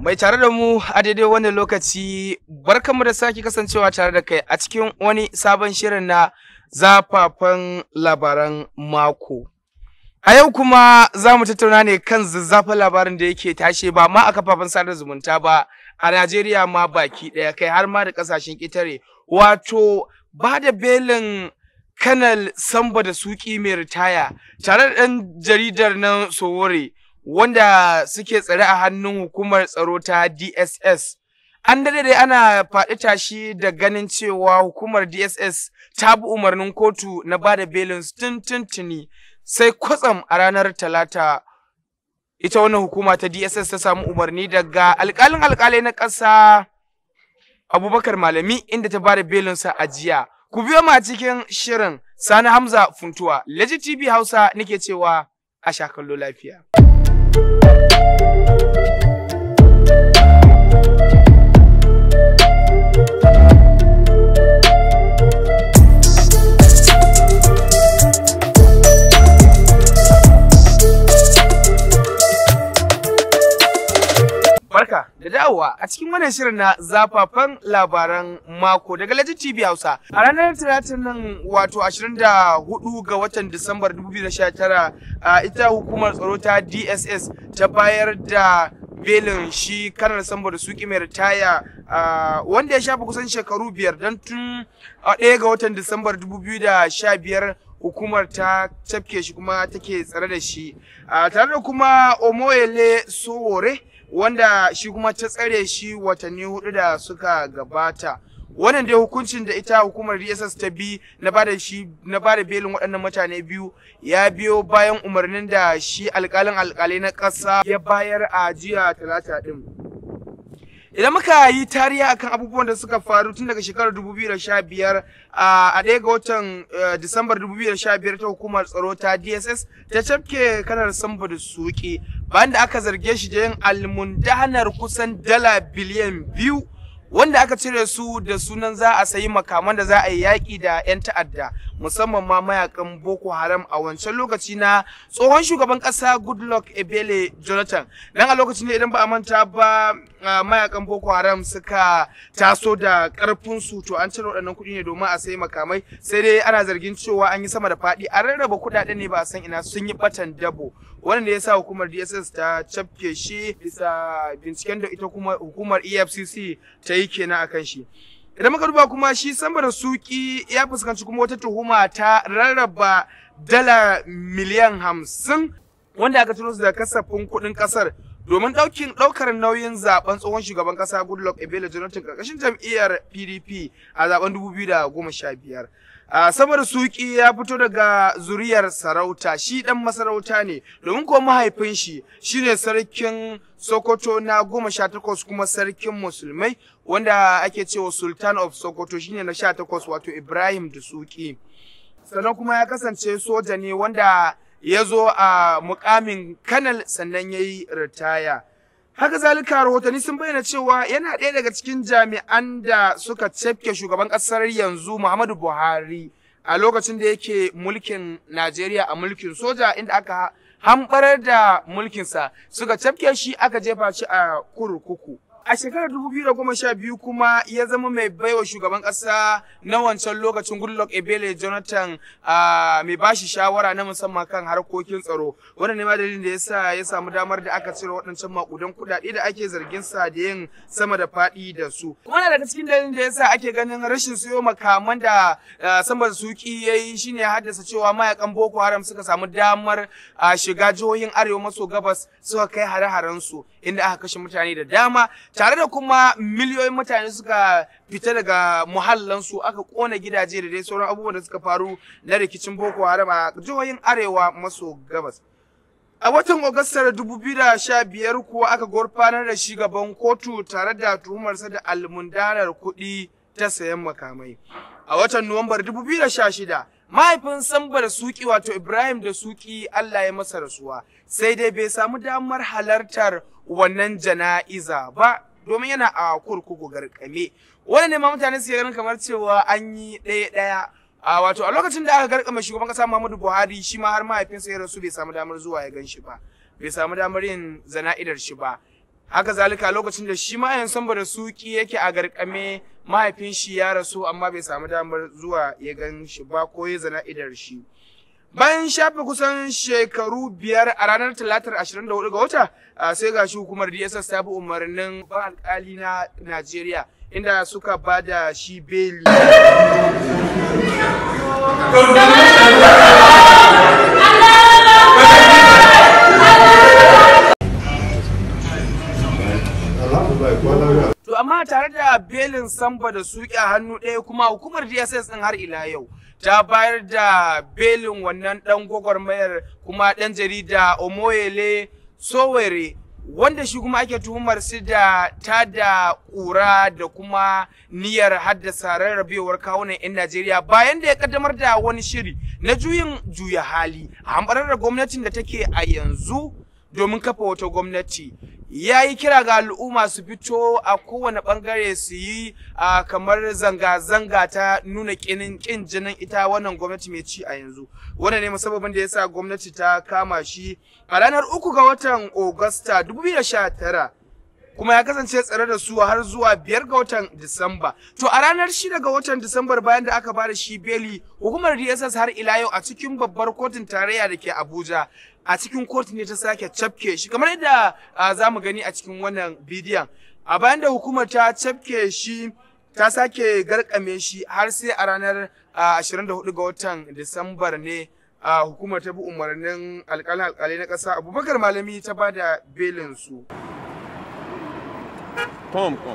Mai tare da mu a daidai wannan lokaci barkanmu da sake kasancewa tare da kai a cikin wani sabon shirin na zafafan labaran mako. A yau kuma za mu tattauna ne kan zazzafan labarin da yake tashe ba ma a kafafen sada zumunta ba a Najeriya ma baki ɗaya kai har ma da ƙasashen ƙetare. Wato ba da belin kanal samba da suki mai ritaya tare da ɗan jaridar nan Sowore. wanda suke tsare a hannun hukumar tsaro ta DSS. An dade dai ana faɗi tashi da ganin cewa hukumar DSS ta bi umarnin kotu na bada belin tun tuntuni sai kwatsam a ranar talata ita wannan hukuma ta DSS ta samu umarni daga alƙalin alƙalai na ƙasa Abubakar Malami inda ta bada belinsa a jiya. Ku biyo ma cikin shirin Sani Hamza Funtuwa, Legit TV Hausa nake cewa a sha kallo lafiya. Thank you. barka da dawowa a cikin wannan shirin na zafafan labaran mako daga Lajin TV Hausa. A ranar Talatin nan wato 24 ga watan Disambar 2019 ita hukumar tsaro ta DSS ta bayar da belin shi kanar sambar suki mai ritaya wanda ya shafa kusan shekaru biyar don tun ɗaya ga watan Disambar 2015 hukumar ta cafke shi kuma take tsare da shi tare da kuma omoyele sowore wanda shi kuma ta tsare shi watanni hudu da suka gabata wannan dai hukuncin da ita hukumar DSS ta bi na bada shi na bada belin waɗannan mutane biyu ya biyo bayan umarnin da shi alƙalin alƙalai na ƙasa ya bayar a jiya talata ɗin. idan muka yi tariya akan abubuwan da suka faru tun daga shekarar 2015 a ɗaya ga watan e, disambar 2015 ta hukumar tsaro ta dss ta cafke kanar samba da suke. bayan da aka zarge shi da yin almundanar kusan dala biliyan biyu wanda aka cire su da sunan za a sayi makaman da za a yi yaƙi da 'yan ta'adda musamman ma mayakan boko haram a wancan lokaci na tsohon shugaban ƙasa goodluck ebele jonathan dan a lokacin da idan ba a manta ba Uh, mayakan Boko Haram suka taso da karfin su to an cire waɗannan kuɗi ne domin a sai makamai sai dai ana zargin cewa an yi sama da faɗi a rarraba kuɗaɗen ne ba a san ina sun yi batan dabo wanda ya sa hukumar DSS ta cafke shi bisa binciken da ita kuma hukumar EFCC ta yi kenan akan shi. Idan muka duba kuma shi sambar suki ya fuskanci kuma wata tuhuma ta rarraba dala miliyan hamsin wanda aka turo su da kasafin kuɗin ƙasar domin daukin ɗaukar nauyin zaben tsohon shugaban ƙasa goodluck ebele jonathan karkashin jam'iyyar pdp a zaben 2015 a samar suki ya fito daga zuriyar sarauta shi ɗan masarauta ne domin ko mahaifin shi shine sarkin sokoto na goma sha takwas kuma sarkin musulmai wanda ake cewa sultan of sokoto shine na sha takwas wato ibrahim da suki sannan kuma ya kasance soja ne wanda ya zo a mukamin kanal sannan ya yi ritaya. Haka zalika rahotanni sun bayyana cewa yana ɗaya daga cikin jami'an da suka cefke shugaban ƙasar yanzu Muhammadu Buhari a lokacin da yake mulkin Najeriya a mulkin soja inda aka hambarar da mulkinsa suka cefke shi aka jefa shi a kurkuku. a shekarar 2012 kuma ya zama mai baiwa shugaban ƙasa na wancan lokacin Goodluck Ebele Jonathan mai bashi shawara na musamman kan harkokin tsaro. Wannan ne ma dalilin da yasa ya samu damar da aka cire waɗancan makudan kuɗaɗe da ake zargin sa da yin sama da faɗi da su. Kuma daga cikin dalilin da yasa ake ganin rashin siyo makaman da sama da suki ya yi shine ya haddasa cewa mayakan Boko Haram suka samu damar shiga jihohin Arewa maso gabas suka kai hare-haren su. inda aka kashe mutane da dama tare da kuma miliyoyin mutane suka fita daga muhallansu aka kona gidaje da dai sauran abubuwan da suka faru na rikicin boko haram a jihohin arewa maso gabas a watan agustar 2015 kuwa aka gurfanar da shi gaban kotu tare da tuhumarsa da almundanar kuɗi ta sayan makamai a watan nuwambar 2016 mahaifin samba da suki wato ibrahim da suki allah ya masa rasuwa sai dai bai samu damar halartar wannan jana'iza ba domin yana a kurkuku garkame wannan ne ma mutane su ganin kamar cewa an yi ɗaya ɗaya a wato a lokacin da aka garkama shugaban kasa Muhammadu Buhari shi ma har mahaifinsa ya rasu bai samu damar zuwa ya ganshi ba bai samu damar yin zana'idar shi ba haka zalika lokacin da shi ma yan samba da suki yake a garkame mahaifin shi ya rasu amma bai samu damar zuwa ya ganshi ba ko ya zana'idar shi bayan shafe kusan shekaru biyar a ranar talatar 24 ga wata sai ga shi hukumar dss ta bi umarnin ban alkali na najeriya inda suka ba da shi beli belin samba da suke a hannu ɗaya kuma hukumar dss ɗin har ila yau ta bayar da belin wannan ɗan gwagwarmayar kuma ɗan jarida omoyele sowere wanda shi kuma ake tuhumar su da ta da ƙura da kuma niyyar haddasa rarrabewar kawunan 'yan Najeriya bayan da ya kaddamar da wani shiri na juyin juya hali a hamɓarar da gwamnatin da take a yanzu domin kafa wata gwamnati ya yi kira ga al'umma su fito a kowane bangare su yi kamar zanga-zanga ta nuna kinin kin jinin ita wannan gwamnati mai ci a yanzu wannan ne musabbabin da ya sa gwamnati ta kama shi a ranar uku ga watan Agusta 2019 kuma ya kasance tsare da su har zuwa biyar ga watan Disamba. To a ranar shida ga watan Disambar bayan da aka bada shi beli, hukumar DSS har ila yau a cikin babbar kotun tarayya da ke Abuja a cikin kotun ne ta sake cafke shi kamar yadda za mu gani a cikin wannan bidiyon. A bayan da hukumar ta cafke shi ta sake garkame shi har sai a ranar 24 ga watan Disambar ne a hukumar ta bi umarnin alƙalin alƙalai na ƙasa abubakar malami ta bada belin su. Come, come. Come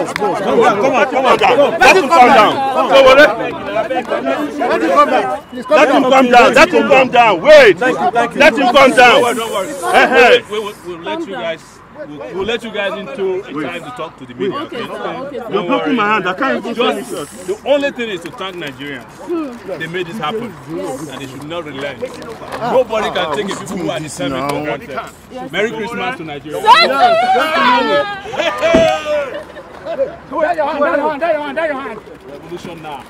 on, come on, come on. Let him calm down. So Let him come back. calm down. Let him calm down. Wait. Let him calm down. Don't worry. We'll let you guys. We'll, we'll, let you guys into a time to talk to the media. Okay, okay. You're blocking my hand. I can't Just, The only thing is to thank Nigerians. Hmm. They made this happen, yes. and they should not relent. Ah, Nobody ah, can ah, take it people who are deserving for granted. Merry Christmas to Nigeria. Yes. Hey. Hey. There your hand, there your hand, your hand. Revolution now.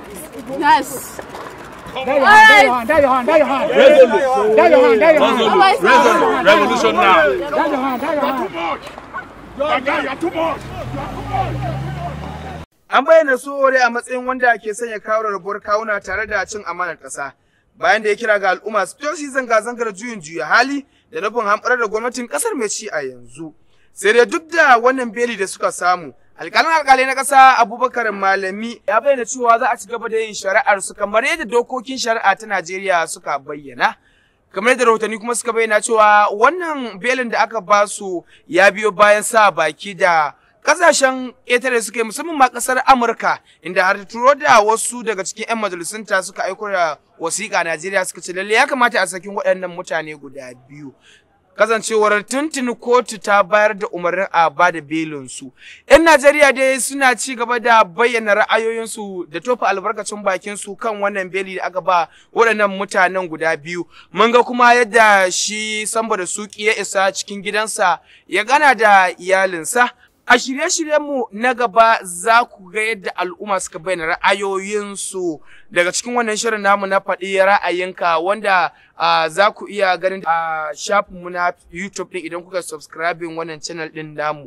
Yes. Revolution now. An bayyana su ore a matsayin wanda ke sanya kawo rabuwar kawuna tare da cin amanar ƙasa. Bayan da ya kira ga al'umma su fito zanga-zangar juyin juya hali da nufin hamɓarar da gwamnatin ƙasar mai ci a yanzu. Sai dai duk da wannan beli da suka samu, alƙalin alkalai na ƙasa abubakar malami ya bayyana cewa za a ci gaba da yin shari'ar su kamar yadda dokokin shari'a ta najeriya suka bayyana kamar yadda rahotanni kuma suka bayyana cewa wannan belin da aka ba su ya biyo bayan sa baki da Ƙasashen ƙetare suka yi musamman ma ƙasar amurka inda har turo da wasu daga cikin 'yan majalisunta suka aiko da wasiƙa najeriya suka ce lalle ya kamata a sakin waɗannan mutane guda biyu kasancewar tuntuni kotu ta bayar da umarnin a ba da belinsu. 'Yan Najeriya dai suna ci gaba da bayyana ra'ayoyinsu da tofa albarkacin bakinsu kan wannan beli da aka ba waɗannan mutanen guda biyu. Mun ga kuma yadda shi samba da suki ya isa cikin gidansa ya gana da iyalinsa. A shirye-shiryenmu na gaba za ku ga yadda al'umma suka bayyana ra'ayoyinsu daga cikin wannan shirin namu na faɗi ra'ayinka wanda za ku iya ganin a shafinmu na YouTube ɗin idan kuka subscribing wannan channel ɗin namu.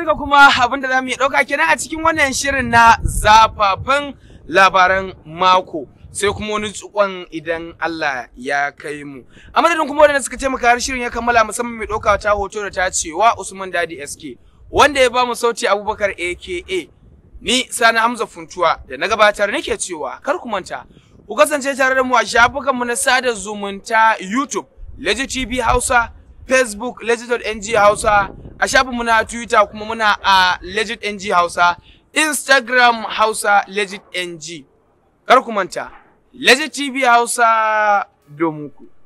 duka kuma abinda za mu yi ɗauka kenan a cikin wannan shirin na zafafan labaran mako. sai kuma wani tsukon idan Allah ya kai mu. A madadin kuma wanda suka taimaka har shirin ya kammala musamman mai ɗauka ta hoto da ta cewa Usman Dadi SK wanda ya ba mu sauti Abubakar AKA. Ni Sani Hamza Funtuwa da na gabatar nake cewa kar ku manta ku kasance tare da mu a mu na sada zumunta YouTube, Legit TV Hausa, Facebook, Legit.ng Hausa, a shafin mu na Twitter kuma muna a Legit NG Hausa, Instagram Hausa Legit NG. Kar ku manta, Legit TV Hausa domin ku.